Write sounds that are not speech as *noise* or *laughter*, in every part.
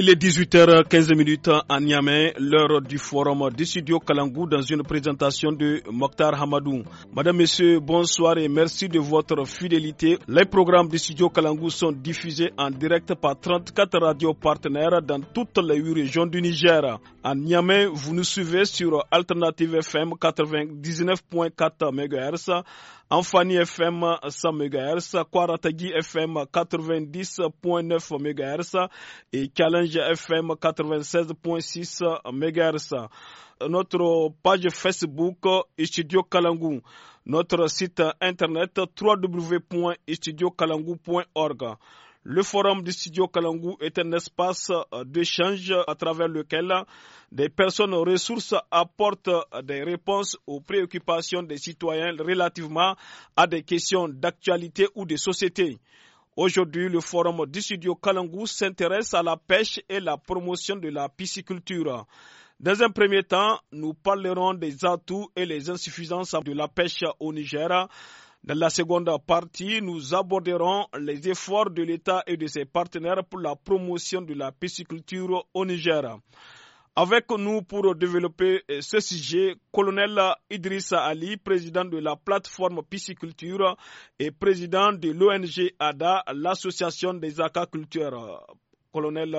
Il est 18h15 à Niamey, l'heure du forum du studio Kalangou dans une présentation de Mokhtar Hamadou. Madame, Monsieur, bonsoir et merci de votre fidélité. Les programmes du studio Kalangou sont diffusés en direct par 34 radios partenaires dans toutes les 8 régions du Niger. À Niamey, vous nous suivez sur Alternative FM 99.4 MHz Amphani FM 100 MHz, Kwaratagi FM 90.9 MHz et Challenge FM 96.6 MHz. Notre page Facebook Studio Kalangu. Notre site internet www.studiokalangu.org. Le forum du studio Kalangou est un espace euh, d'échange à travers lequel des personnes aux ressources apportent euh, des réponses aux préoccupations des citoyens relativement à des questions d'actualité ou de société. Aujourd'hui, le forum du studio Kalangou s'intéresse à la pêche et la promotion de la pisciculture. Dans un premier temps, nous parlerons des atouts et les insuffisances de la pêche au Niger. Dans la seconde partie, nous aborderons les efforts de l'État et de ses partenaires pour la promotion de la pisciculture au Niger. Avec nous pour développer euh, ce sujet, colonel Idrissa Ali, président de la plateforme pisciculture et président de l'ONG ADA, l'association des aquaculteurs. Colonel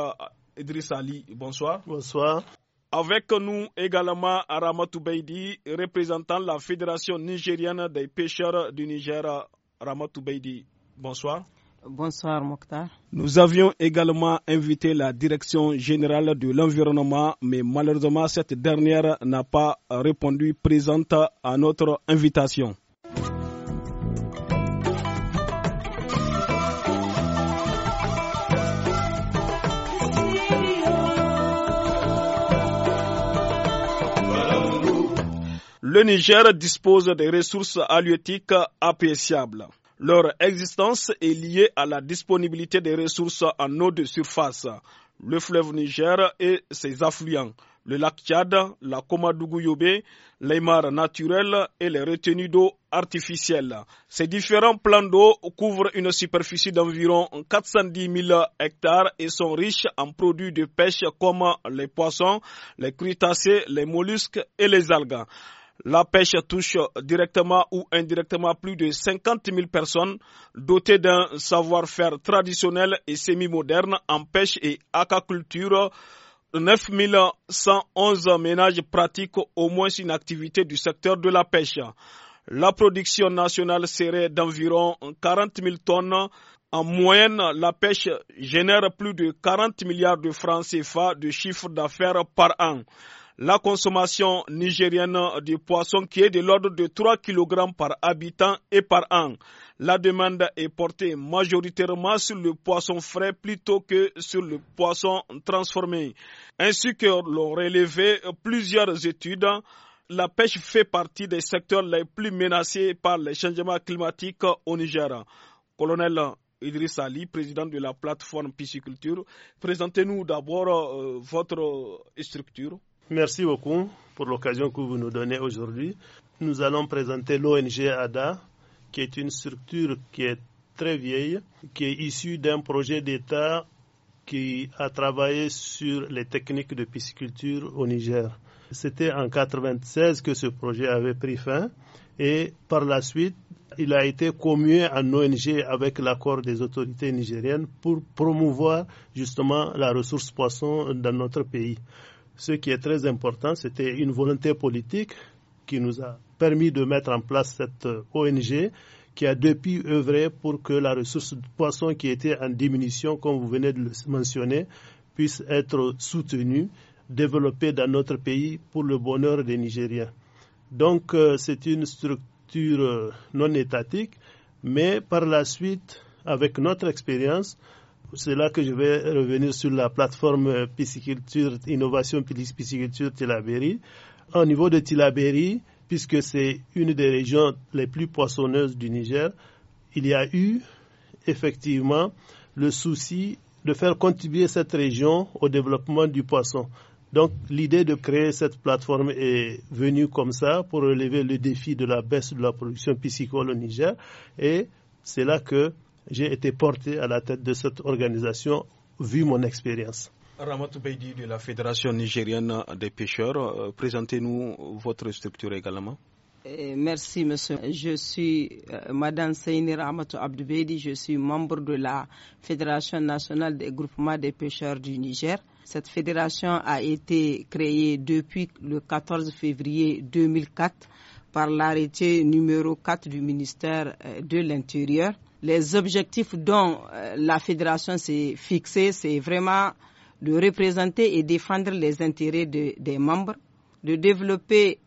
Idrissa Ali, bonsoir. Bonsoir. Avec nous également Ramatou Beidi, représentant la Fédération nigérienne des pêcheurs du Niger. Ramatou Beidi, bonsoir. Bonsoir Mokhtar. Nous avions également invité la Direction générale de l'environnement, mais malheureusement cette dernière n'a pas répondu présente à notre invitation. le Niger dispose des ressources halieutiques appréciables. Leur existence est liée à la disponibilité des ressources en eau de surface, le fleuve Niger et ses affluents, le lac Tchad, la komadougou les mares naturelles et les retenues d'eau artificielles. Ces différents plans d'eau couvrent une superficie d'environ 410 000 hectares et sont riches en produits de pêche comme les poissons, les crustacés, les mollusques et les algues. La pêche touche directement ou indirectement plus de 50 000 personnes dotées d'un savoir-faire traditionnel et semi-moderne en pêche et aquaculture. 9 111 ménages pratiquent au moins une activité du secteur de la pêche. La production nationale serait d'environ 40 000 tonnes. En moyenne, la pêche génère plus de 40 milliards de francs CFA de chiffre d'affaires par an. La consommation nigérienne de poisson qui est de l'ordre de 3 kg par habitant et par an. La demande est portée majoritairement sur le poisson frais plutôt que sur le poisson transformé. Ainsi que l'ont relevé plusieurs études, la pêche fait partie des secteurs les plus menacés par les changements climatiques au Niger. Colonel Idriss Ali, président de la plateforme pisciculture, présentez-nous d'abord euh, votre euh, structure. Merci beaucoup pour l'occasion que vous nous donnez aujourd'hui. Nous allons présenter l'ONG ADA, qui est une structure qui est très vieille, qui est issue d'un projet d'État qui a travaillé sur les techniques de pisciculture au Niger. C'était en 1996 que ce projet avait pris fin et par la suite, il a été commué en ONG avec l'accord des autorités nigériennes pour promouvoir justement la ressource poisson dans notre pays. Ce qui est très important, c'était une volonté politique qui nous a permis de mettre en place cette euh, ONG qui a depuis œuvré pour que la ressource de poisson qui était en diminution, comme vous venez de le mentionner, puisse être soutenue, développée dans notre pays pour le bonheur des Nigériens. Donc euh, c'est une structure euh, non étatique, mais par la suite, avec notre expérience, c'est là que je vais revenir sur la plateforme euh, pisciculture, innovation pisciculture Tilaberi. Au niveau de Tilaberi, puisque c'est une des régions les plus poissonneuses du Niger, il y a eu effectivement le souci de faire contribuer cette région au développement du poisson. Donc l'idée de créer cette plateforme est venue comme ça pour relever le défi de la baisse de la production piscicole au Niger et c'est là que j'ai été porté à la tête de cette organisation vu mon expérience. Ramatou Beidi de la Fédération nigérienne des pêcheurs, euh, présentez-nous votre structure également. Eh, merci, monsieur. Je suis euh, Madame Seyni Ramatou Abdoubedi, je suis membre de la Fédération nationale des groupements des pêcheurs du Niger. Cette fédération a été créée depuis le 14 février 2004 par l'arrêté numéro 4 du ministère euh, de l'Intérieur les objectifs dont euh, la fédération s'est fixée, c'est vraiment de représenter et défendre les intérêts des membres, de développer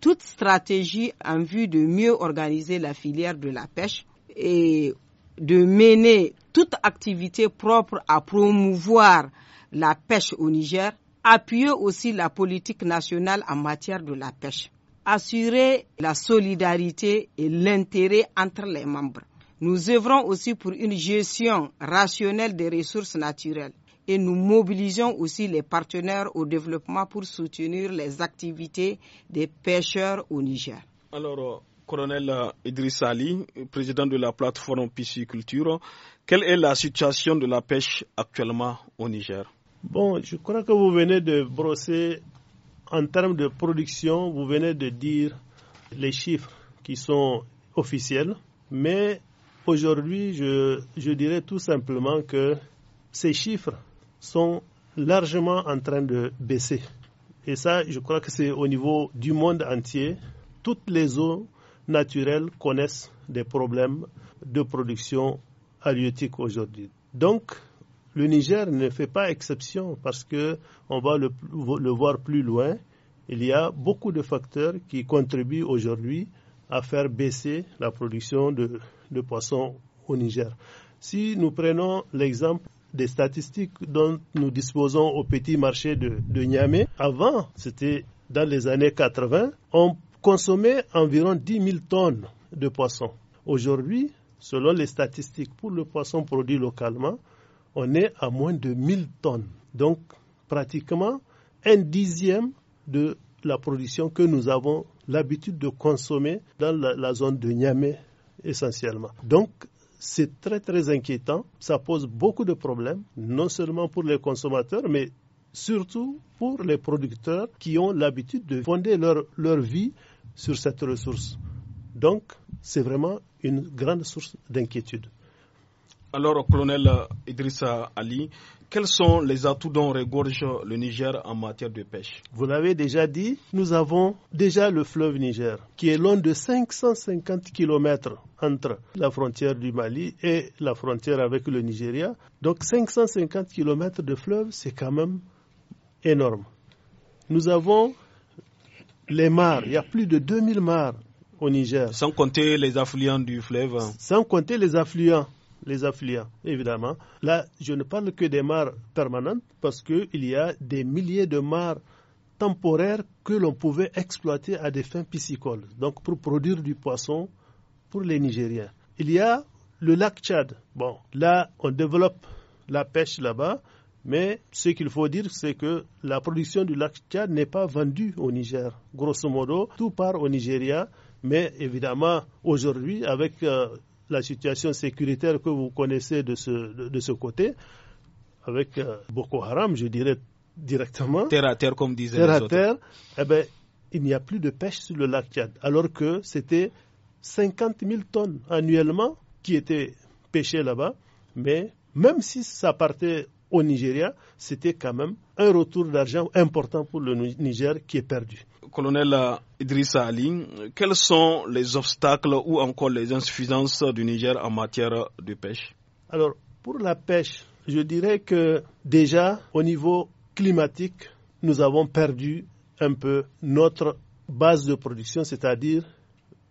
toute stratégie en vue de mieux organiser la filière de la pêche et de mener toute activité propre à promouvoir la pêche au Niger, appuyer aussi la politique nationale en matière de la pêche, assurer la solidarité et l'intérêt entre les membres nous œuvrons aussi pour une gestion rationnelle des ressources naturelles et nous mobilisons aussi les partenaires au développement pour soutenir les activités des pêcheurs au Niger. Alors, euh, colonel euh, Idriss Ali, président de la plateforme Pisciculture, quelle est la situation de la pêche actuellement au Niger Bon, je crois que vous venez de brosser en termes de production, vous venez de dire les chiffres qui sont officiels, mais Aujourd'hui, je, dirais tout simplement que ces chiffres sont largement en train de baisser. Et ça, je crois que c'est au niveau du monde entier. Toutes les eaux naturelles connaissent des problèmes de production halieutique aujourd'hui. Donc, le Niger ne fait pas exception parce que on va le, le, voir plus loin. Il y a beaucoup de facteurs qui contribuent aujourd'hui à faire baisser la production de de poissons au Niger. Si nous prenons l'exemple des statistiques dont nous disposons au petit marché de, Niamey, avant, c'était dans les années 80, on consommait environ 10 000 tonnes de poissons. Aujourd'hui, selon les statistiques, pour le poisson produit localement, on est à moins de 1 000 tonnes. Donc, pratiquement un dixième de la production que nous avons l'habitude de consommer dans la zone de Niamey essentiellement. Donc, c'est très très inquiétant, ça pose beaucoup de problèmes, non seulement pour les consommateurs, mais surtout pour les producteurs qui ont l'habitude de fonder leur, vie sur cette ressource. Donc, c'est vraiment une grande source d'inquiétude. Alors, colonel Idrissa Ali, quels sont les atouts dont regorge le Niger en matière de pêche Vous l'avez déjà dit, nous avons déjà le fleuve Niger, qui est long de 550 km entre la frontière du Mali et la frontière avec le Nigeria. Donc 550 km de fleuve, c'est quand même énorme. Nous avons les mares, il y a plus de 2000 mares au Niger. Sans compter les affluents du fleuve. Sans compter les affluents les affluents, évidemment. Là, je ne parle que des mares permanentes parce qu'il y a des milliers de mares temporaires que l'on pouvait exploiter à des fins piscicoles, donc pour produire du poisson pour les Nigériens. Il y a le lac Tchad. Bon, là, on développe la pêche là-bas, mais ce qu'il faut dire, c'est que la production du lac Tchad n'est pas vendue au Niger. Grosso modo, tout part au Nigeria, mais évidemment, aujourd'hui, avec euh, la situation sécuritaire que vous connaissez de ce, de, ce côté, avec euh, Boko Haram, je dirais directement. Terre à terre, comme disait Terre eh ben, il n'y a plus de pêche sur le lac Tchad, alors que c'était 50 000 tonnes annuellement qui étaient pêchées là-bas. Mais même si ça partait au Nigeria, c'était quand même un retour d'argent important pour le Niger qui est perdu colonel Idrissa Ali, quels sont les obstacles ou encore les insuffisances du Niger en matière de pêche Alors, pour la pêche, je dirais que déjà, au niveau climatique, nous avons perdu un peu notre base de production, c'est-à-dire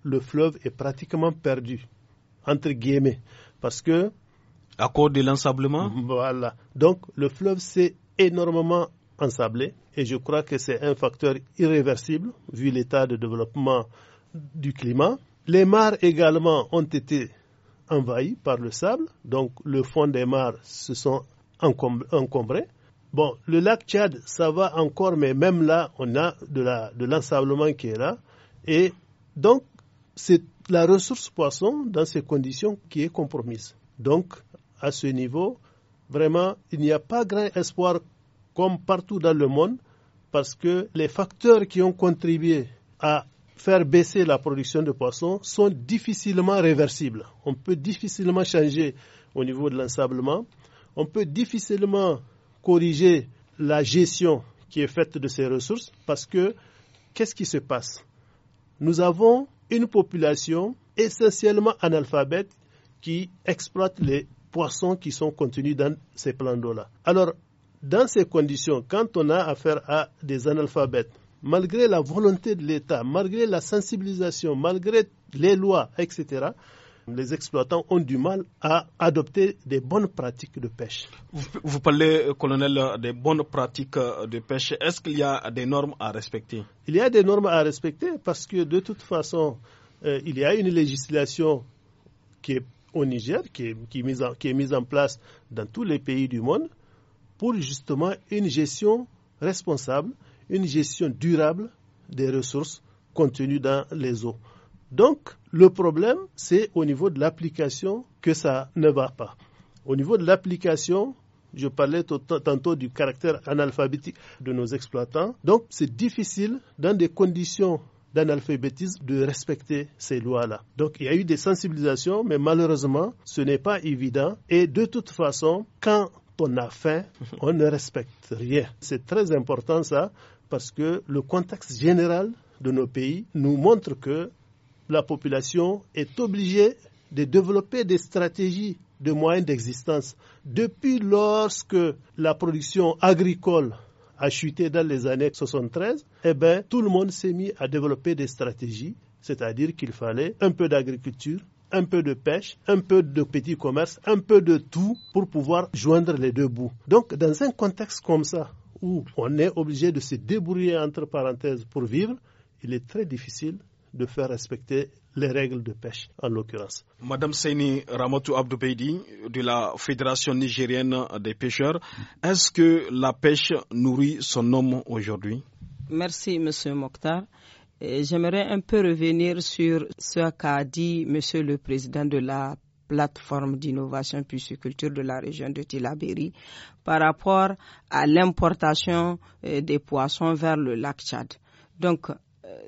le fleuve est pratiquement perdu, entre guillemets, parce que... À cause de l'ensablement Voilà. Donc, le fleuve s'est énormément ensablée. Et je crois que c'est un facteur irréversible vu l'état de développement du climat. Les mares également ont été envahies par le sable, donc le fond des mares se sont encombrés. Bon, le lac Tchad, ça va encore, mais même là, on a de l'ensablement de qui est là. Et donc, c'est la ressource poisson dans ces conditions qui est compromise. Donc, à ce niveau, vraiment, il n'y a pas grand espoir comme partout dans le monde, parce que les facteurs qui ont contribué à faire baisser la production de poissons sont difficilement réversibles. On peut difficilement changer au niveau de l'ensablement. On peut difficilement corriger la gestion qui est faite de ces ressources parce que qu'est-ce qui se passe Nous avons une population essentiellement analphabète qui exploite les poissons qui sont contenus dans ces plans d'eau-là. Alors, dans ces conditions, quand on a affaire à des analphabètes, malgré la volonté de l'État, malgré la sensibilisation, malgré les lois, etc., les exploitants ont du mal à adopter des bonnes pratiques de pêche. Vous, parlez, euh, colonel, des bonnes pratiques euh, de pêche. Est-ce qu'il y a des normes à respecter Il y a des normes à respecter parce que de toute façon, euh, il y a une législation qui est au Niger, qui est mise en place dans tous les pays du monde pour justement une gestion responsable, une gestion durable des ressources contenues dans les eaux. Donc, le problème, c'est au niveau de l'application que ça ne va pas. Au niveau de l'application, je parlais tantôt du caractère analphabétique de nos exploitants. Donc, c'est difficile, dans des conditions d'analphabétisme, de respecter ces lois-là. Donc, il y a eu des sensibilisations, mais malheureusement, ce n'est pas évident. Et de toute façon, quand on a faim, mhm. on ne respecte rien. C'est très important ça, parce que le contexte général de nos pays nous montre que la population est obligée de développer des stratégies de moyens d'existence. Depuis lorsque la production agricole a chuté dans les années 73, eh bien tout le monde s'est mis à développer des stratégies, c'est-à-dire qu'il fallait un peu d'agriculture, un peu de pêche, un peu de petit commerce, un peu de tout pour pouvoir joindre les deux bouts. Donc, dans un contexte comme ça, où on est obligé de se débrouiller entre parenthèses pour vivre, il est très difficile de faire respecter les règles de pêche, en l'occurrence. Madame Seini Ramotou Abdoubeidi, de la Fédération nigérienne des pêcheurs, est-ce que la pêche nourrit son homme aujourd'hui Merci, Monsieur Mokhtar. J'aimerais un peu revenir sur ce qu'a dit Monsieur le Président de la plateforme d'innovation pisciculture de la région de Tilabéry par rapport à l'importation euh, des poissons vers le lac Tchad. Donc,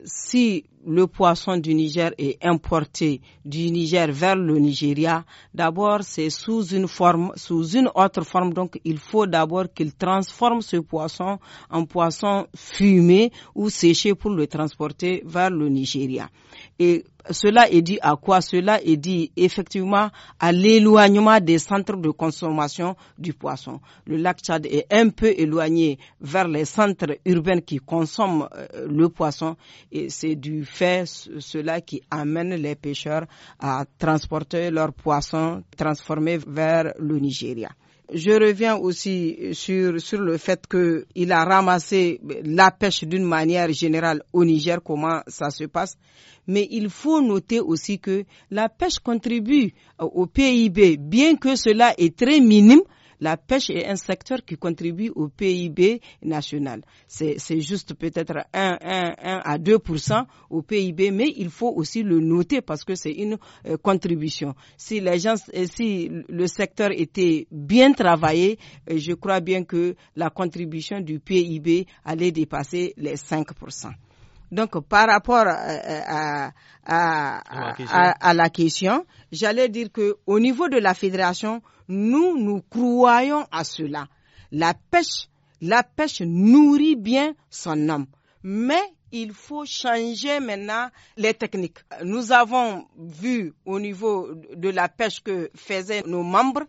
si le poisson du Niger est importé du Niger vers le Nigeria, d'abord c'est sous une forme, sous une autre forme. Donc il faut d'abord qu'il transforme ce poisson en poisson fumé ou séché pour le transporter vers le Nigeria cela est dit à quoi Cela est dit effectivement à l'éloignement des centres de consommation du poisson. Le lac Tchad est un peu éloigné vers les centres urbains qui consomment euh, le poisson et c'est du fait cela qui amène les pêcheurs à transporter leur poissons transformés vers le Nigeria. Je reviens aussi sur, le fait qu'il a ramassé la pêche d'une manière générale au Niger, comment ça se passe. Mais il faut noter aussi que la pêche contribue au PIB, bien que cela est très minime la pêche est un secteur qui contribue au PIB national. C'est juste peut-être 1, à 2 au PIB, mais il faut aussi le noter parce que c'est une euh, contribution. Si, les euh, si le secteur était bien travaillé, euh, je crois bien que la contribution du PIB allait dépasser les 5 donc, par rapport euh, euh, à, la question, j'allais dire que au niveau de la fédération, nous, nous croyons à cela. La pêche, la pêche nourrit bien son homme. Mais il faut changer maintenant les techniques. Nous avons vu au niveau de la pêche que faisaient nos membres,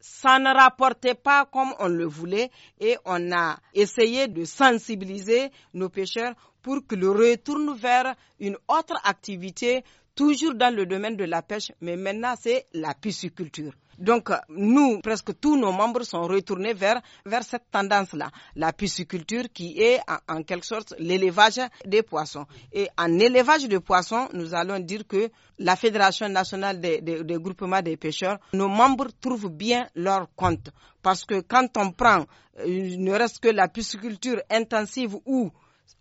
ça ne rapportait pas comme on le voulait et on a essayé de sensibiliser nos pêcheurs pour le retourne vers une autre activité, toujours dans le domaine de la pêche, mais maintenant c'est la pisciculture. Donc, nous, presque tous nos membres sont retournés vers, vers cette tendance-là. La pisciculture qui est en, quelque sorte l'élevage des poissons. Et en élevage de poissons, nous allons dire que la Fédération nationale des, des, des groupements des pêcheurs, nos membres trouvent bien leur compte. Parce que quand on prend, il euh, ne reste que la pisciculture intensive ou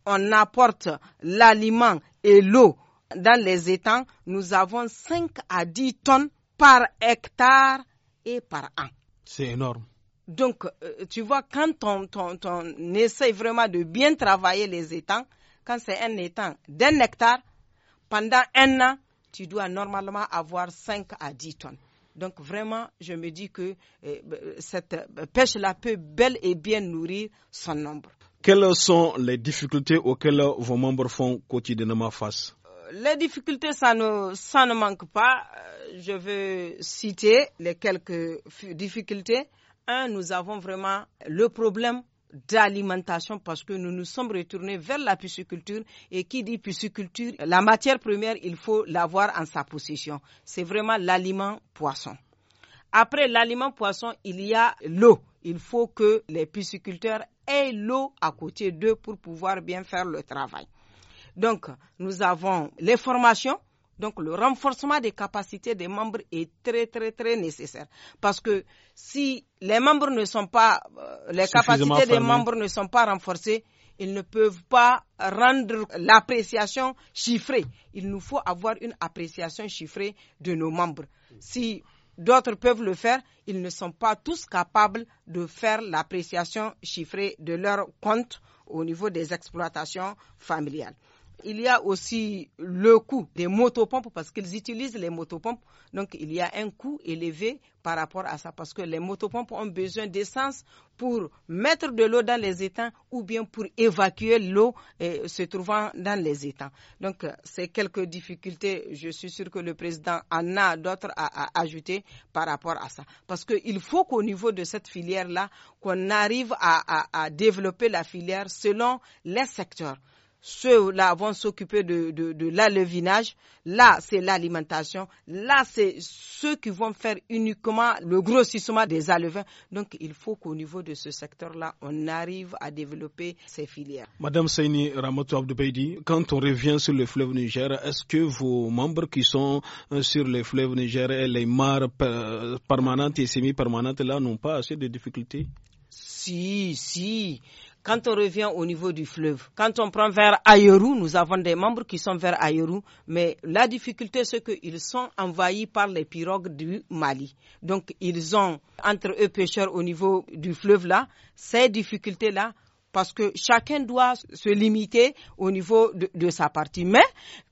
on apporte l'aliment et l'eau dans les étangs, nous avons 5 à 10 tonnes par hectare et par an. C'est énorme. Donc, euh, tu vois, quand on, essaye essaie vraiment de bien travailler les étangs, quand c'est un étang d'un hectare, pendant un an, tu dois normalement avoir 5 à 10 tonnes. Donc vraiment, je me dis que euh, cette pêche-là peut bel et bien nourrir son nombre. Quelles sont les difficultés auxquelles vos membres font quotidiennement face euh, les difficultés, ça ne, manque pas. Euh, je veux citer les quelques difficultés. Un, nous avons vraiment le problème d'alimentation parce que nous nous sommes retournés vers la pisciculture et qui dit pisciculture, la matière première, il faut l'avoir en sa possession. C'est vraiment l'aliment poisson. Après l'aliment poisson, il y a l'eau. Il faut que les pisciculteurs aient l'eau à côté d'eux pour pouvoir bien faire le travail. Donc, nous avons les formations. Donc, le renforcement des capacités des membres est très, très, très nécessaire. Parce que si les membres ne sont pas, euh, les capacités des membres ne sont pas renforcées, ils ne peuvent pas rendre l'appréciation chiffrée. Il nous faut avoir une appréciation chiffrée de nos membres. Si D'autres peuvent le faire. Ils ne sont pas tous capables de faire l'appréciation chiffrée de leur compte au niveau des exploitations familiales. Il y a aussi le coût des motopompes parce qu'ils utilisent les motopompes. Donc il y a un coût élevé par rapport à ça parce que les motopompes ont besoin d'essence pour mettre de l'eau dans les étangs ou bien pour évacuer l'eau eh, se trouvant dans les étangs. Donc c'est quelques difficultés. Je suis sûr que le président en a d'autres à, ajouter par rapport à ça. Parce qu'il faut qu'au niveau de cette filière-là, qu'on arrive à développer la filière selon les secteurs ceux-là vont s'occuper de, de, de l'alevinage, là c'est l'alimentation, là c'est ceux qui vont faire uniquement le grossissement des alevins. Donc il faut qu'au niveau de ce secteur-là, on arrive à développer ces filières. Madame Saini Ramatou Abdoubaydi, quand on revient sur le fleuve Niger, est-ce que vos membres qui sont euh, sur le fleuve Niger et les mares euh, permanentes et semi-permanentes là n'ont pas assez de difficultés si, si, quand on revient au niveau du fleuve, quand on prend vers Ayerou, nous avons des membres qui sont vers Ayerou, mais la difficulté, c'est qu'ils sont envahis par les pirogues du Mali. Donc, ils ont, entre eux pêcheurs au niveau du fleuve là, ces difficultés-là, parce que chacun doit se limiter au niveau de, de sa partie. Mais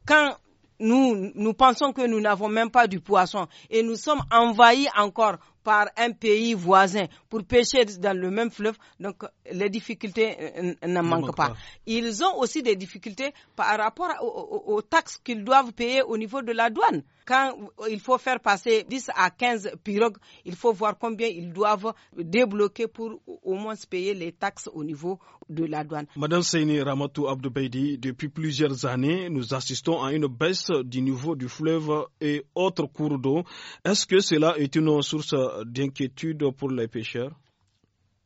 quand nous, nous pensons que nous n'avons même pas du poisson et nous sommes envahis encore par un pays voisin pour pêcher dans le même fleuve, donc les difficultés euh, ne manquent pas. Ils ont aussi des difficultés par rapport aux, taxes qu'ils doivent payer au niveau de la douane. Quand il faut faire passer 10 à 15 pirogues, il faut voir combien ils doivent débloquer pour au moins payer les taxes au niveau de la douane. Madame Seyni Ramatou Abdoubaidi, depuis plusieurs années, nous assistons à une baisse du niveau du fleuve et autres cours d'eau. Est-ce que cela est une source d'inquiétude pour les pêcheurs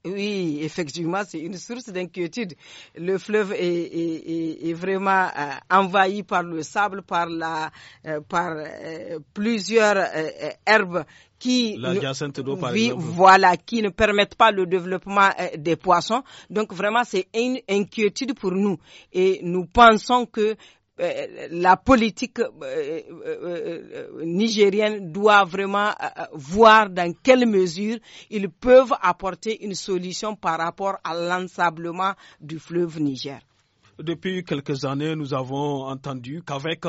oui, effectivement, c'est une source d'inquiétude. Le fleuve est, vraiment euh, envahi par le sable, par, la, euh, par euh, plusieurs herbes qui voilà qui ne permettent pas le développement des poissons donc vraiment c'est une inquiétude pour nous et nous pensons que euh, la politique euh, euh, nigérienne doit vraiment voir dans quelle mesure ils peuvent apporter une solution par rapport à l'ensablement du fleuve Niger. Depuis quelques années, nous avons entendu qu'avec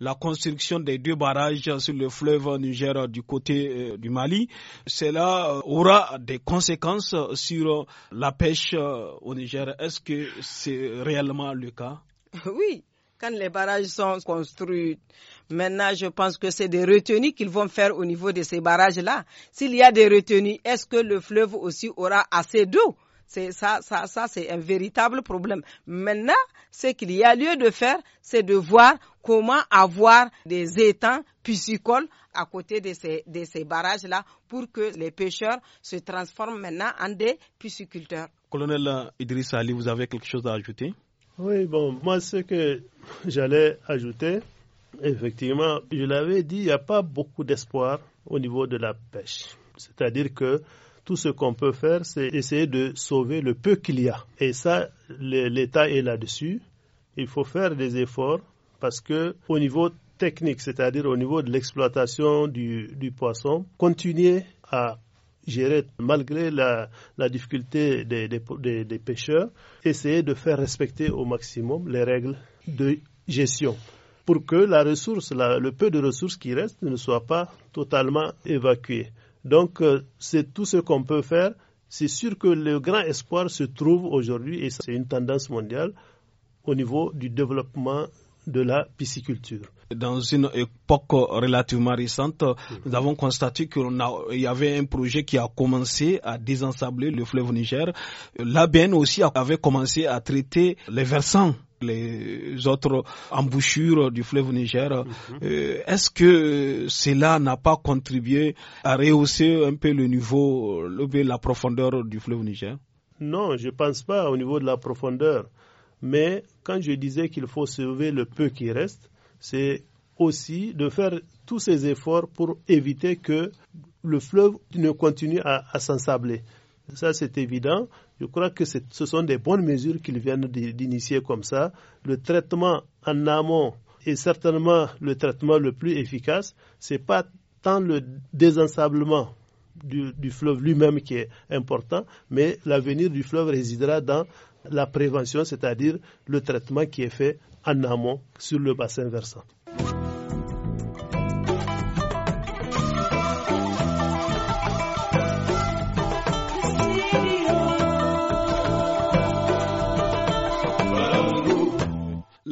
la construction des deux barrages sur le fleuve Niger du côté du Mali, cela aura des conséquences sur la pêche au Niger. Est-ce que c'est réellement le cas Oui, quand les barrages sont construits, maintenant je pense que c'est des retenues qu'ils vont faire au niveau de ces barrages-là. S'il y a des retenues, est-ce que le fleuve aussi aura assez d'eau c'est ça, ça, ça, c'est un véritable problème. Maintenant, ce qu'il y a lieu de faire, c'est de voir comment avoir des étangs piscicoles à côté de ces, de ces barrages-là pour que les pêcheurs se transforment maintenant en des pisciculteurs. Colonel Idriss Ali, vous avez quelque chose à ajouter oui, bon, moi, ce que j'allais ajouter, effectivement, je l'avais dit, il n'y a pas beaucoup d'espoir au niveau de la pêche. C'est-à-dire que tout ce qu'on peut faire, c'est essayer de sauver le peu qu'il y a. Et ça, l'État est là-dessus. Il faut faire des efforts parce que au niveau technique, c'est-à-dire au niveau de l'exploitation du, du, poisson, continuer à gérer, malgré la, difficulté des, pêcheurs, essayer de faire respecter au maximum les règles de gestion pour que la ressource, le peu de ressources qui reste ne soit pas totalement évacuée. Donc, euh, c'est tout ce qu'on peut faire. C'est sûr que le grand espoir se trouve aujourd'hui, et c'est une tendance mondiale, au niveau du développement de la pisciculture. Dans une époque relativement récente, nous avons constaté qu'il y avait un projet qui a commencé à désensabler le fleuve Niger. L'ABN aussi avait commencé à traiter les versants les autres embouchures du fleuve Niger. Mhm. Euh, est-ce que cela n'a pas contribué à rehausser un peu le niveau, la profondeur du fleuve Niger Non, je ne pense pas au niveau de la profondeur. Mais quand je disais qu'il faut sauver le peu qui reste, c'est aussi de faire tous ces efforts pour éviter que le fleuve ne continue à, s'ensabler. Ça, c'est évident. Je crois que ce sont des bonnes mesures qu'ils viennent d'initier comme ça. Le traitement en amont est certainement le traitement le plus efficace. Ce n'est pas tant le désensablement du fleuve lui-même qui est important, mais l'avenir du fleuve résidera dans la prévention, c'est-à-dire le traitement qui est fait en amont sur le bassin versant.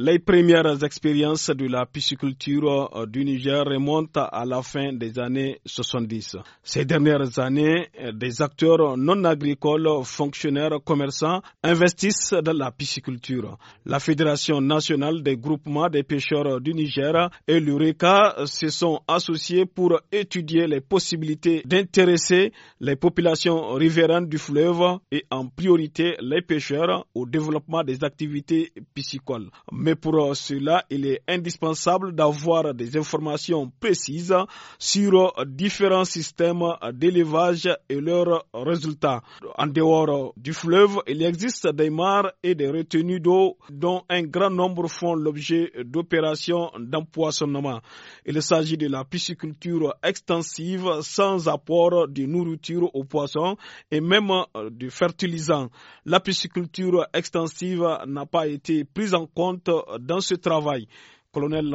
Les premières expériences de la pisciculture euh, du Niger remontent à la fin des années 70. Ces dernières années, euh, des acteurs non agricoles, fonctionnaires, commerçants investissent dans la pisciculture. La Fédération nationale des groupements des pêcheurs du Niger et l'URECA se sont associés pour étudier les possibilités d'intéresser les populations riveraines du fleuve et en priorité les pêcheurs au développement des activités piscicoles pour euh, cela, il est indispensable d'avoir des informations précises sur euh, différents systèmes d'élevage et leurs résultats. En dehors euh, du fleuve, il existe des mares et des retenues d'eau dont un grand nombre font l'objet d'opérations d'empoisonnement. Il s'agit de la pisciculture extensive sans apport de nourriture aux poissons et même de fertilisants. La pisciculture extensive n'a pas été prise en compte dans ce travail, colonel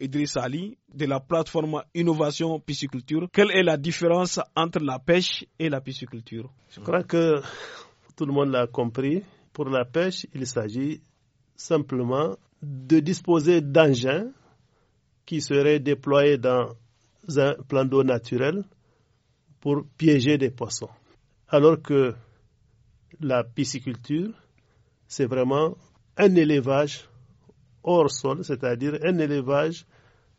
Idriss Ali, de la plateforme Innovation Pisciculture, quelle est la différence entre la pêche et la pisciculture Je crois que tout le monde l'a compris. Pour la pêche, il s'agit simplement de disposer d'engins qui seraient déployés dans un plan d'eau naturel pour piéger des poissons. Alors que la pisciculture, c'est vraiment un élevage hors sol, c'est-à-dire un élevage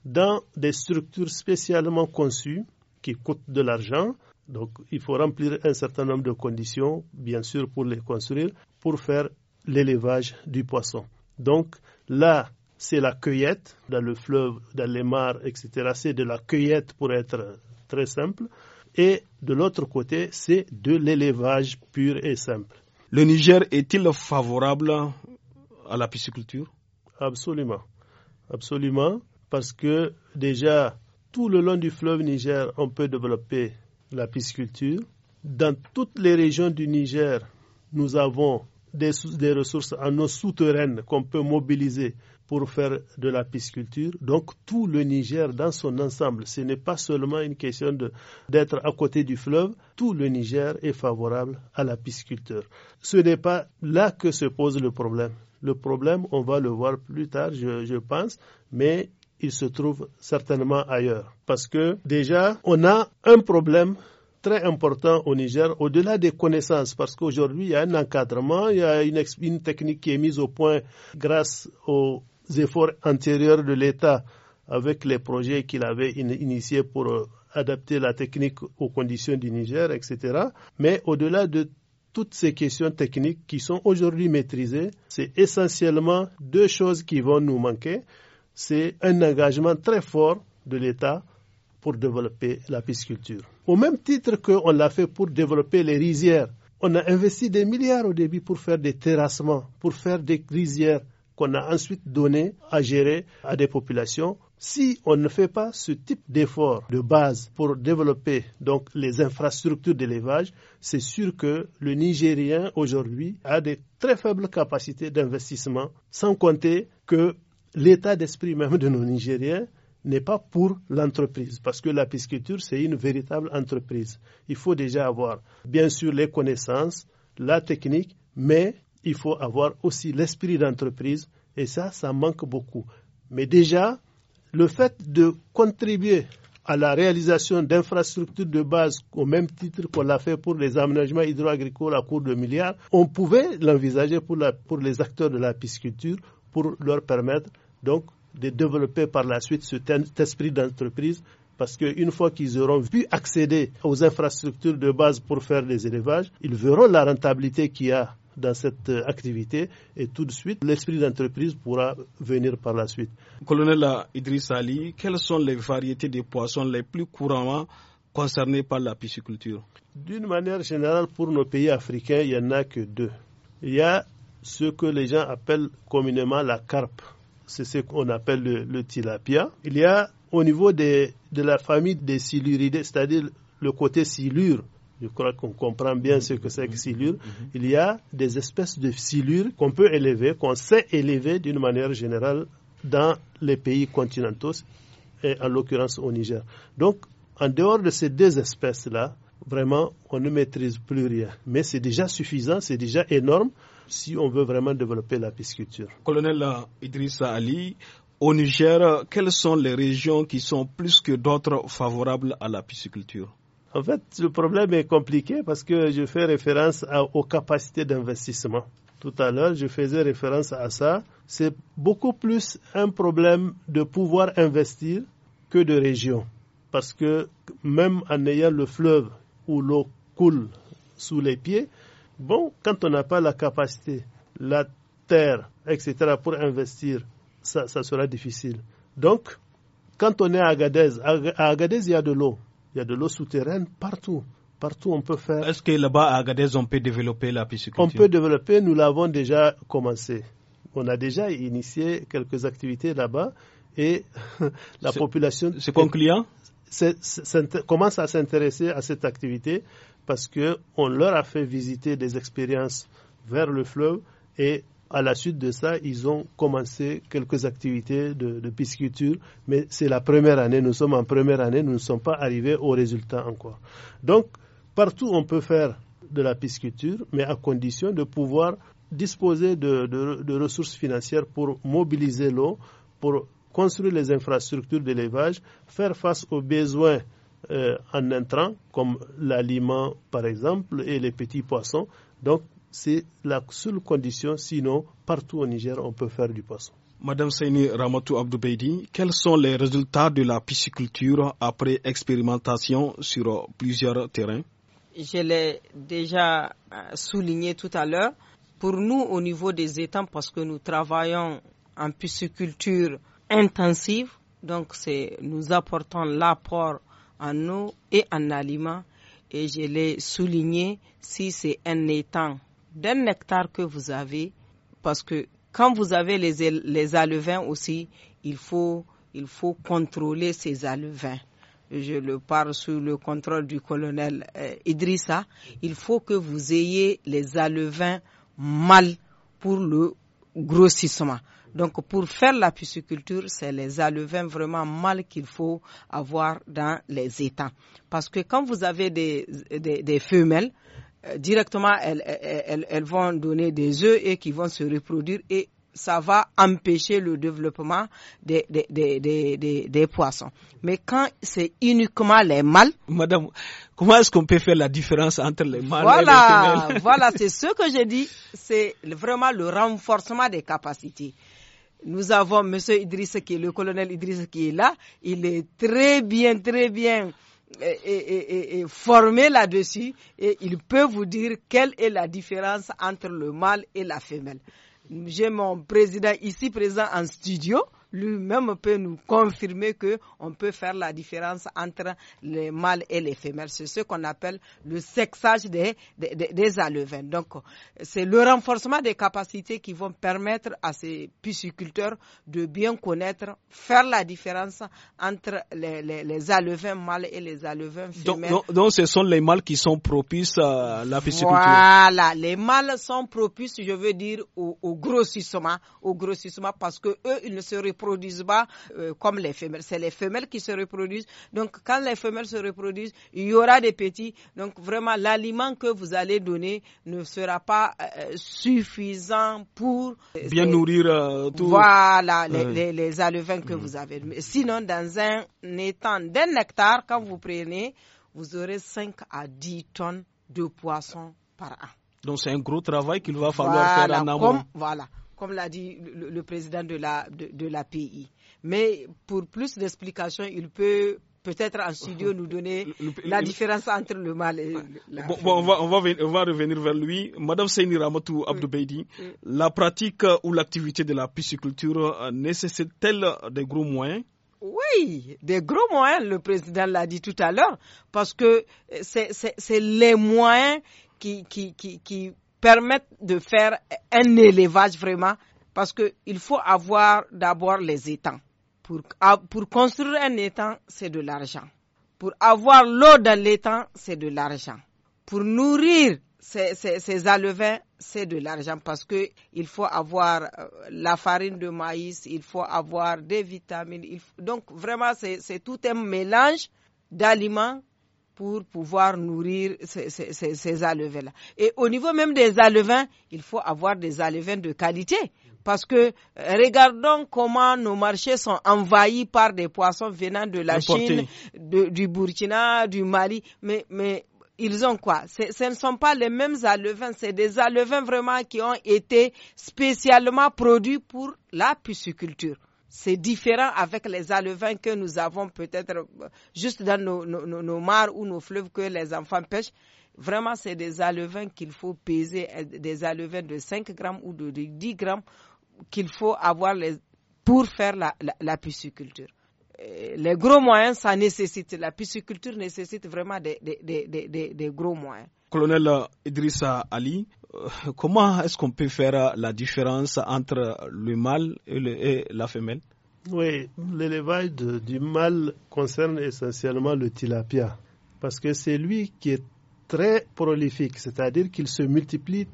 dans des structures spécialement conçues qui coûtent de l'argent. Donc il faut remplir un certain nombre de conditions, bien sûr, pour les construire, pour faire l'élevage du poisson. Donc là, c'est la cueillette dans le fleuve, dans les mares, etc. C'est de la cueillette pour être très simple. Et de l'autre côté, c'est de l'élevage pur et simple. Le Niger est-il favorable à la pisciculture Absolument. Absolument. Parce que déjà, tout le long du fleuve Niger, on peut développer la pisciculture. Dans toutes les régions du Niger, nous avons des, des ressources en eau souterraine qu'on peut mobiliser pour faire de la pisciculture. Donc tout le Niger dans son ensemble, ce n'est pas seulement une question d'être à côté du fleuve, tout le Niger est favorable à la pisciculture. Ce n'est pas là que se pose le problème. Le problème, on va le voir plus tard, je, pense, mais il se trouve certainement ailleurs. Parce que déjà, on a un problème très important au Niger, au-delà des connaissances, parce qu'aujourd'hui, il y a un encadrement, il y a une, une, technique qui est mise au point grâce au efforts antérieurs de l'État avec les projets qu'il avait initiés pour euh, adapter la technique aux conditions du Niger, etc. Mais au-delà de toutes ces questions techniques qui sont aujourd'hui maîtrisées, c'est essentiellement deux choses qui vont nous manquer. C'est un engagement très fort de l'État pour développer la pisciculture. Au même titre qu'on l'a fait pour développer les rizières, on a investi des milliards au début pour faire des terrassements, pour faire des rizières qu'on a ensuite donné à gérer à des populations. Si on ne fait pas ce type d'effort de base pour développer donc les infrastructures d'élevage, c'est sûr que le Nigérien aujourd'hui a des très faibles capacités d'investissement, sans compter que l'état d'esprit même de nos Nigériens n'est pas pour l'entreprise, parce que la pisciculture, c'est une véritable entreprise. Il faut déjà avoir, bien sûr, les connaissances, la technique, mais il faut avoir aussi l'esprit d'entreprise et ça, ça manque beaucoup. Mais déjà, le fait de contribuer à la réalisation d'infrastructures de base au même titre qu'on l'a fait pour les aménagements hydro-agricoles à court de milliards, on pouvait l'envisager pour, les acteurs de la pisciculture pour leur permettre donc de développer par la suite cet esprit d'entreprise parce qu'une fois qu'ils auront pu accéder aux infrastructures de base pour faire des élevages, ils verront la rentabilité qu'il y a dans cette euh, activité et tout de suite, l'esprit d'entreprise pourra venir par la suite. Colonel Idriss Ali, quelles sont les variétés de poissons les plus couramment concernées par la pisciculture D'une manière générale, pour nos pays africains, il n'y en a que deux. Il y a ce que les gens appellent communément la carpe, c'est ce qu'on appelle le, tilapia. Il y a au niveau de la famille des siluridés, c'est-à-dire le côté silure, je crois qu'on comprend bien ce que c'est que silure, mhm, mhm. il y a des espèces de silures qu'on peut élever, qu'on sait élever d'une manière générale dans les pays continentaux, et en l'occurrence au Niger. Donc, en dehors de ces deux espèces-là, vraiment, on ne maîtrise plus rien. Mais c'est déjà suffisant, c'est déjà énorme si on veut vraiment développer la pisciculture. Colonel Idrissa Ali, au Niger, quelles sont les régions qui sont plus que d'autres favorables à la pisciculture en fait, le problème est compliqué parce que je fais référence aux capacités d'investissement. Tout à l'heure, je faisais référence à ça. C'est beaucoup plus un problème de pouvoir investir que de région. Parce que même en ayant le fleuve où l'eau coule sous les pieds, bon, quand on n'a pas la capacité, la terre, etc., pour investir, ça, ça sera difficile. Donc, quand on est à Agadez, à Agadez, il y a de l'eau il y a de l'eau souterraine partout. Partout, on peut faire. Est-ce que là-bas, à Agadez, on peut développer la pisciculture On peut développer, nous l'avons déjà commencé. On a déjà initié quelques activités là-bas et *laughs* la population. C'est concluant Commence à s'intéresser à cette activité parce qu'on leur a fait visiter des expériences vers le fleuve et à la suite de ça, ils ont commencé quelques activités de, pisciculture, mais c'est la première année, nous sommes en première année, nous ne sommes pas arrivés au résultats encore. Donc, partout on peut faire de la pisciculture, mais à condition de pouvoir disposer de, ressources financières pour mobiliser l'eau, pour construire les infrastructures d'élevage, faire face aux besoins euh, en intrants, comme l'aliment par exemple, et les petits poissons. Donc, c'est la seule condition, sinon partout au Niger, on peut faire du poisson. Madame Saini Ramatou Abdoubeidi, quels sont les résultats de la pisciculture après expérimentation sur plusieurs terrains Je l'ai déjà euh, souligné tout à l'heure. Pour nous, au niveau des étangs, parce que nous travaillons en pisciculture intensive, donc nous apportons l'apport en eau et en aliments. Et je l'ai souligné, si c'est un étang d'un nectar que vous avez, parce que quand vous avez les, les alevins aussi, il faut, il faut contrôler ces alevins. Je le parle sous le contrôle du colonel euh, Idrissa. Il faut que vous ayez les alevins mal pour le grossissement. Donc pour faire la pisciculture, c'est les alevins vraiment mal qu'il faut avoir dans les étangs. Parce que quand vous avez des, des femelles, euh, directement, elles, vont donner des œufs et qui vont se reproduire et ça va empêcher le développement des, des, des, des, des poissons. Mais quand c'est uniquement les mâles. Madame, comment est-ce qu'on peut faire la différence entre les mâles et les femelles *laughs* Voilà, c'est ce que j'ai dit. C'est vraiment le renforcement des capacités. Nous avons Monsieur Idriss qui est le colonel Idriss qui est là. Il est très bien, très bien et, formé là-dessus et il peut vous dire quelle est la différence entre le mâle et la femelle. J'ai mon président ici présent en studio lui-même peut nous confirmer que on peut faire la différence entre les mâles et les femelles. C'est ce qu'on appelle le sexage des, des, des alevins. Donc, c'est le renforcement des capacités qui vont permettre à ces pisciculteurs de bien connaître, faire la différence entre les, les, les alevins mâles et les alevins femelles. Donc, ce sont les mâles qui sont propices à la pisciculture. Voilà, les mâles sont propices, je veux dire, au, grossissement, au grossissement parce que eux, ils ne se reproduisent produisent pas euh, comme les femelles. C'est les femelles qui se reproduisent. Donc, quand les femelles se reproduisent, il y aura des petits. Donc, vraiment, l'aliment que vous allez donner ne sera pas euh, suffisant pour euh, bien nourrir tout. Voilà les, les, alevins que mm. vous avez. Mais sinon, dans un étang d'un hectare, quand vous prenez, vous aurez 5 à 10 tonnes de poissons par an. Donc c'est un gros travail qu'il va falloir faire en amont. voilà comme l'a dit le, président de la, de, de PI. Mais pour plus d'explications, il peut peut-être en studio *laughs* nous donner la différence entre le mal et la bon, on, va, on, va, revenir vers lui. Madame Seyni Ramatou Abdoubeidi, la pratique ou l'activité de la pisciculture euh, nécessite-t-elle des gros moyens oui, des gros moyens, le président l'a dit tout à l'heure, parce que euh, c'est les moyens qui, qui, qui permettent de faire un élevage vraiment parce qu'il faut avoir d'abord les étangs. Pour, ah, pour construire un étang, c'est de l'argent. Pour avoir l'eau dans l'étang, c'est de l'argent. Pour nourrir ces, ces, alevins, c'est de l'argent parce qu'il faut avoir euh, la farine de maïs, il faut avoir des vitamines. donc vraiment, c'est tout un mélange d'aliments pour pouvoir nourrir ces, ces, ces, alevins-là. Et au niveau même des alevins, il faut avoir des alevins de qualité. Parce que regardons comment nos marchés sont envahis par des poissons venant de la Chine, du Burkina, du Mali. Mais, mais ils ont quoi Ce ne sont pas les mêmes alevins, c'est des alevins vraiment qui ont été spécialement produits pour la pisciculture. C'est différent avec les alevins que nous avons peut-être euh, juste dans nos, mares ou nos fleuves que les enfants pêchent. Vraiment, c'est des alevins qu'il faut peser, euh, des alevins de 5 grammes ou de 10 grammes qu'il faut avoir pour faire la pisciculture. Euh, les gros moyens, ça nécessite. La pisciculture nécessite vraiment des, gros moyens. Colonel Idrissa Ali, euh, comment est-ce qu'on peut faire la différence entre le mâle et, et la femelle Oui, l'élevage du mâle concerne essentiellement le tilapia, parce que c'est lui qui est très prolifique, c'est-à-dire qu'il se multiplie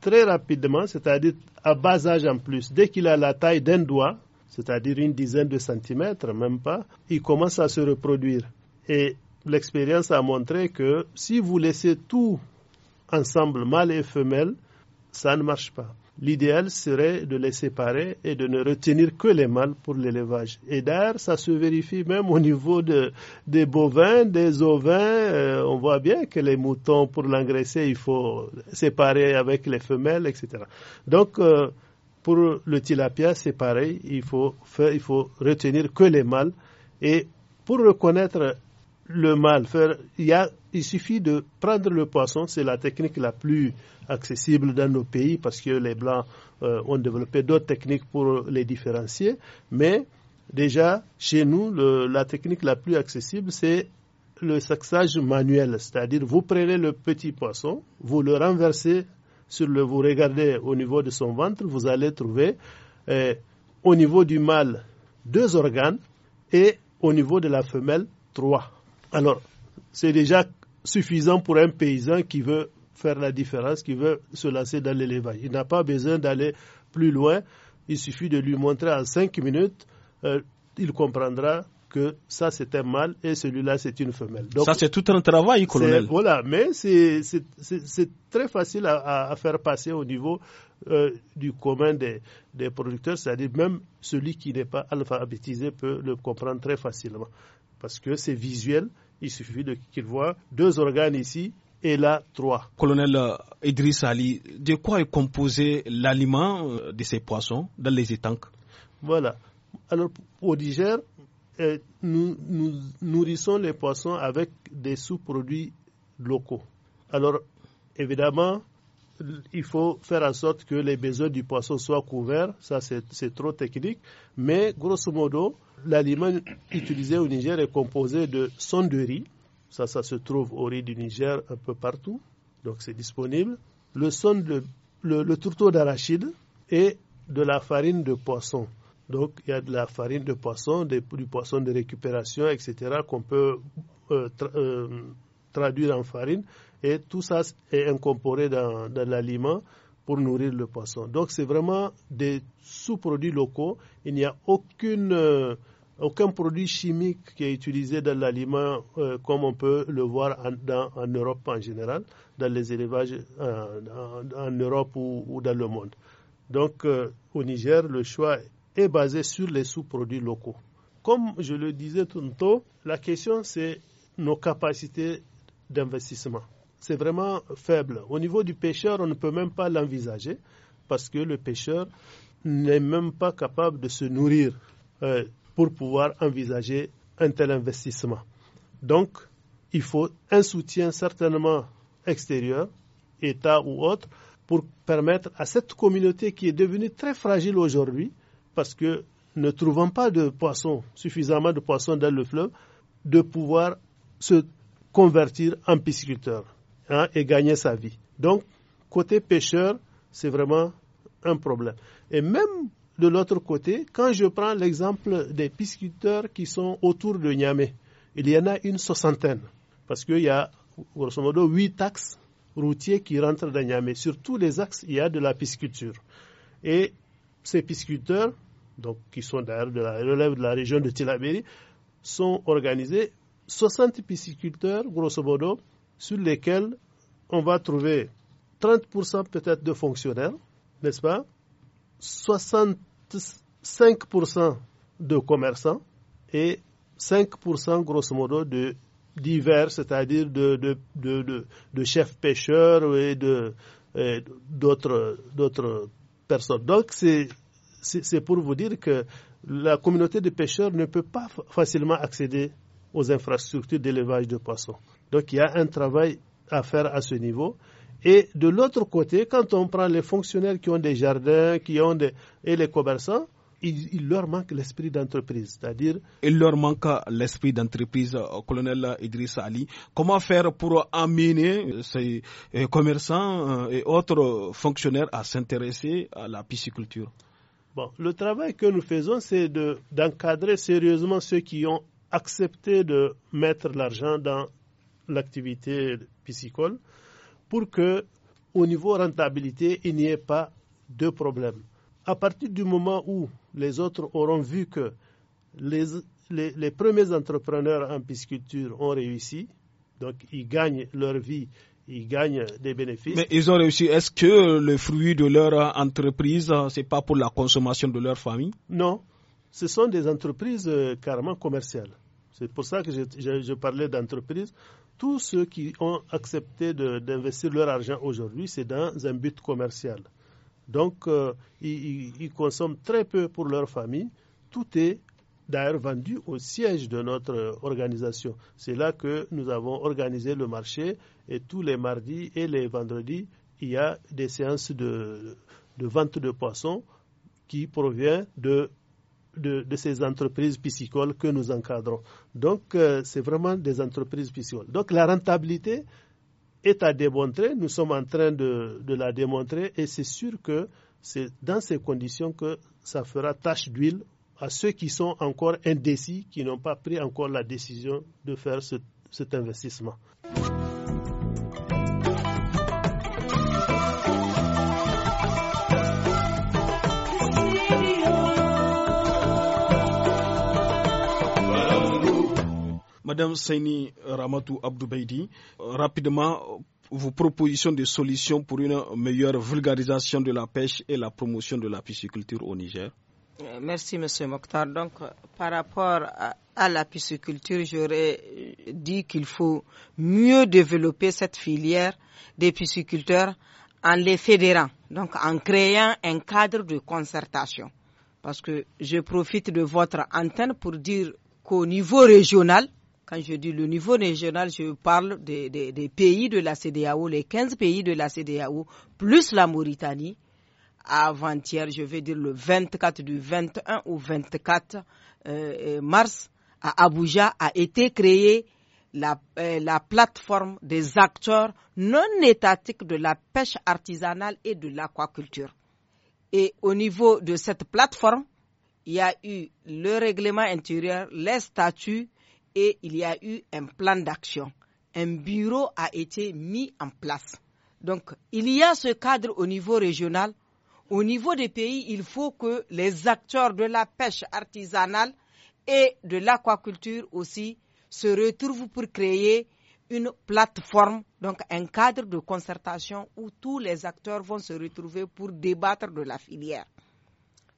très rapidement, c'est-à-dire à bas âge en plus. Dès qu'il a la taille d'un doigt, c'est-à-dire une dizaine de centimètres, même pas, ils commencent à se reproduire. Et l'expérience a montré que si vous laissez tout ensemble, mâle et femelle, ça ne marche pas. L'idéal serait de les séparer et de ne retenir que les mâles pour l'élevage. Et d'ailleurs, ça se vérifie même au niveau de, des bovins, des ovins. Euh, on voit bien que les moutons, pour l'engraisser, il faut séparer avec les femelles, etc. Donc, euh, pour le tilapia, c'est pareil. Il faut, faire, il faut retenir que les mâles. Et pour reconnaître le mâle, il, suffit de prendre le poisson. C'est la technique la plus accessible dans nos pays parce que les Blancs euh, ont développé d'autres techniques pour les différencier. Mais déjà, chez nous, la technique la plus accessible, c'est le saxage manuel. C'est-à-dire, vous prenez le petit poisson, vous le renversez sur le, vous regardez au niveau de son ventre, vous allez trouver euh, au niveau du mâle deux organes et au niveau de la femelle trois. Alors, c'est déjà suffisant pour un paysan qui veut faire la différence, qui veut se lancer dans l'élevage. Il n'a pas besoin d'aller plus loin. Il suffit de lui montrer en cinq minutes, euh, il comprendra que ça c'est un mâle et celui-là c'est une femelle. Donc, ça c'est tout un travail, colonel. Voilà, mais c'est très facile à, faire passer au niveau euh, du commun des, des producteurs, c'est-à-dire même celui qui n'est pas alphabétisé peut le comprendre très facilement. Parce que c'est visuel, il suffit qu'il voit deux organes ici, et là, trois. Colonel euh, Idriss Ali, de quoi est composé l'aliment euh, de ces poissons dans les étanques Voilà. Alors, au Niger, nous, nourrissons les poissons avec des sous-produits locaux. Alors, évidemment, il faut faire en sorte que les besoins du poisson soient couverts. Ça, c'est trop technique. Mais, grosso modo, l'aliment utilisé au Niger est composé de son de riz. Ça, ça se trouve au riz du Niger un peu partout. Donc, c'est disponible. Le son de, le tourteau d'arachide et de la farine de poisson. Donc, il y a de la farine de poisson, du poisson de récupération, etc., qu'on peut euh, euh, traduire en farine. Et tout ça est incorporé dans, l'aliment pour nourrir le poisson. Donc, c'est vraiment des sous-produits locaux. Il n'y a euh, aucun produit chimique qui est utilisé dans l'aliment comme on peut le voir en, Europe en général, dans les élevages en, Europe ou, ou, dans le monde. Donc, au Niger, le choix est basé sur les sous-produits locaux. Comme je le disais tout tantôt, la question c'est nos capacités d'investissement. C'est vraiment faible. Au niveau du pêcheur, on ne peut même pas l'envisager parce que le pêcheur n'est même pas capable de se nourrir euh, pour pouvoir envisager un tel investissement. Donc, il faut un soutien certainement extérieur, État ou autre, pour permettre à cette communauté qui est devenue très fragile aujourd'hui parce que ne trouvant pas de poissons, suffisamment de poissons dans le fleuve, de pouvoir se convertir en pisciculteur hein, et gagner sa vie. Donc, côté pêcheur, c'est vraiment un problème. Et même de l'autre côté, quand je prends l'exemple des pisciculteurs qui sont autour de Niamey, il y en a une soixantaine, parce qu'il y a grosso modo huit axes routiers qui rentrent dans Niamey. Sur tous les axes, il y a de la pisciculture. Et ces pisciculteurs, donc, qui sont d'ailleurs de la relève de la région de Tilaberi, sont organisés 60 pisciculteurs, grosso modo, sur lesquels on va trouver 30% peut-être de fonctionnaires, n'est-ce pas 65% de commerçants et 5% grosso modo de divers, c'est-à-dire de, de, de, chefs pêcheurs et d'autres donc, c'est pour vous dire que la communauté de pêcheurs ne peut pas facilement accéder aux infrastructures d'élevage de poissons. Donc, il y a un travail à faire à ce niveau. Et de l'autre côté, quand on prend les fonctionnaires qui ont des jardins, qui ont des, et les commerçants, il, leur manque l'esprit d'entreprise, c'est-à-dire... Il leur manque l'esprit d'entreprise, euh, colonel Idriss Ali. Comment faire pour amener ces euh, commerçants euh, et autres fonctionnaires à s'intéresser à la pisciculture Bon, le travail que nous faisons, c'est d'encadrer sérieusement ceux qui ont accepté de mettre l'argent dans l'activité piscicole pour que, au niveau rentabilité, il n'y ait pas de problème. À partir du moment où les autres auront vu que les, premiers entrepreneurs en pisciculture ont réussi, donc ils gagnent leur vie ils gagnent des bénéfices. Mais ils ont réussi. Est-ce que le fruit de leur entreprise, n'est pas pour la consommation de leur famille Non, ce sont des entreprises euh, carrément commerciales. C'est pour ça que je, je parlais d'entreprise. Tous ceux qui ont accepté d'investir leur argent aujourd'hui, c'est dans un but commercial. Donc, euh, ils, consomment très peu pour leur famille. Tout est d'ailleurs vendu au siège de notre organisation. C'est là que nous avons organisé le marché et tous les mardis et les vendredis, il y a des séances de, vente de poissons qui proviennent de, de, ces entreprises piscicoles que nous encadrons. Donc, euh, c'est vraiment des entreprises piscicoles. Donc, la rentabilité, est à démontrer. Nous sommes en train de, la démontrer et c'est sûr que c'est dans ces conditions que ça fera tache d'huile à ceux qui sont encore indécis, qui n'ont pas pris encore la décision de faire cet investissement. Madame Saini Ramatou Abdoubaidi, euh, rapidement, vos propositions de solutions pour une meilleure vulgarisation de la pêche et la promotion de la pisciculture au Niger euh, Merci, Monsieur Mokhtar. Donc, par rapport à, à la pisciculture, j'aurais dit qu'il faut mieux développer cette filière des pisciculteurs en les fédérant, donc en créant un cadre de concertation. Parce que je profite de votre antenne pour dire qu'au niveau régional, quand je dis le niveau régional, je parle des, pays de la CDAO, les 15 pays de la CDAO, plus la Mauritanie. Avant-hier, je vais dire le 24 du 21 au 24 euh, euh, mars, à Abuja, a été créée euh, la plateforme des acteurs non étatiques de la pêche artisanale et de l'aquaculture. Et au niveau de cette plateforme, il y a eu le règlement intérieur, les statuts, et il y a eu un plan d'action. Un bureau a été mis en place. Donc, il y a ce cadre au niveau régional. Au niveau des pays, il faut que les acteurs de la pêche artisanale et de l'aquaculture aussi se retrouvent pour créer une plateforme, donc un cadre de concertation où tous les acteurs vont se retrouver pour débattre de la filière.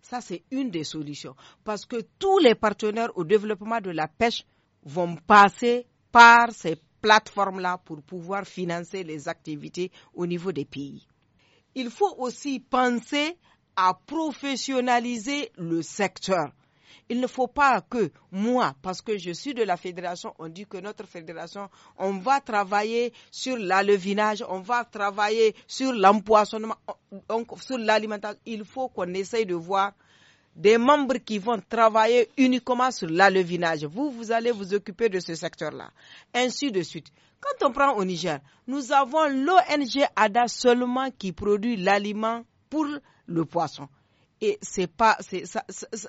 Ça, c'est une des solutions. Parce que tous les partenaires au développement de la pêche vont passer par ces plateformes-là pour pouvoir financer les activités au niveau des pays. Il faut aussi penser à professionnaliser le secteur. Il ne faut pas que moi, parce que je suis de la fédération, on dit que notre fédération, on va travailler sur l'alevinage, on va travailler sur l'empoisonnement, sur l'alimentation. Il faut qu'on essaye de voir des membres qui vont travailler uniquement sur l'alevinage. Vous, vous allez vous occuper de ce secteur-là. Ainsi de suite. Quand on prend au Niger, nous avons l'ONG ADA seulement qui produit l'aliment pour le poisson. Et c'est pas,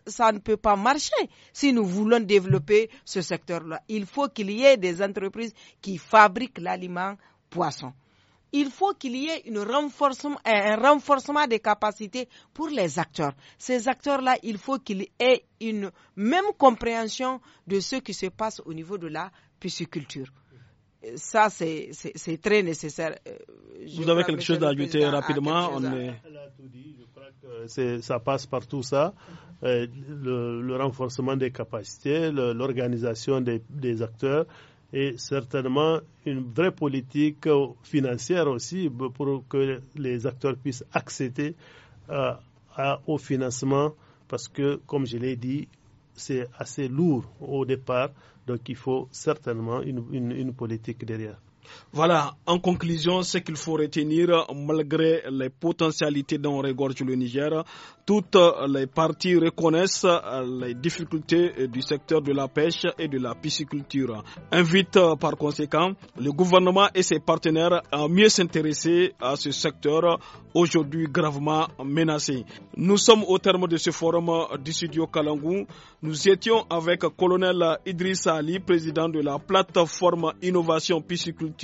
ça, ne peut pas marcher si nous voulons développer ce secteur-là. Il faut qu'il y ait des entreprises qui fabriquent l'aliment poisson il faut qu'il y ait un renforcement des capacités pour les acteurs. Ces acteurs-là, il faut qu'ils aient une même compréhension de ce qui se passe au niveau de la pisciculture ça, c'est très nécessaire. Euh, Vous avez quelque chose à ajouter rapidement Je crois que ça passe par tout ça. Euh, le, renforcement des capacités, l'organisation des, acteurs et certainement une vraie politique financière aussi pour que les acteurs puissent accéder euh, au financement parce que, comme je l'ai dit, c'est assez lourd au départ, donc il faut certainement une politique derrière. Voilà, en conclusion, ce qu'il faut retenir, malgré les potentialités dont regorge le Niger, toutes les parties reconnaissent les difficultés du secteur de la pêche et de la pisciculture. Invite par conséquent le gouvernement et ses partenaires à mieux s'intéresser à ce secteur aujourd'hui gravement menacé. Nous sommes au terme de ce forum du studio Kalangou. Nous étions avec le colonel Idriss Ali, président de la plateforme Innovation Pisciculture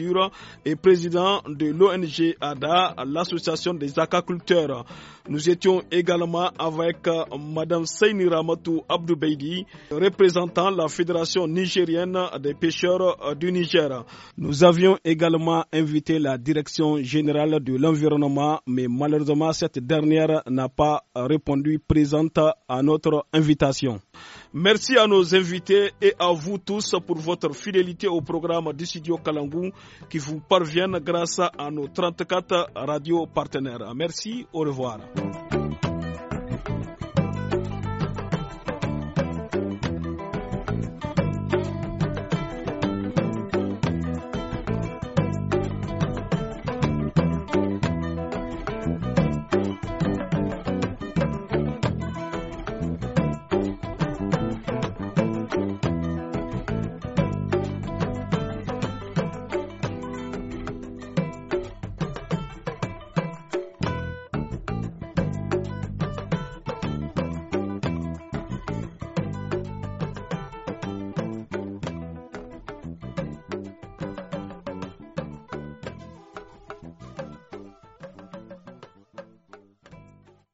et président de l'ONG ADA, l'association des aquaculteurs. Nous étions également avec euh, Madame Seyni Ramatou Abdoubeidi, représentant la Fédération nigérienne des pêcheurs euh, du Niger. Nous avions également invité la Direction générale de l'environnement, mais malheureusement cette dernière n'a pas répondu présente à notre invitation. Merci à nos invités et à vous tous pour votre fidélité au programme du studio Kalangou qui vous parvient grâce à nos 34 radios partenaires. Merci, au revoir.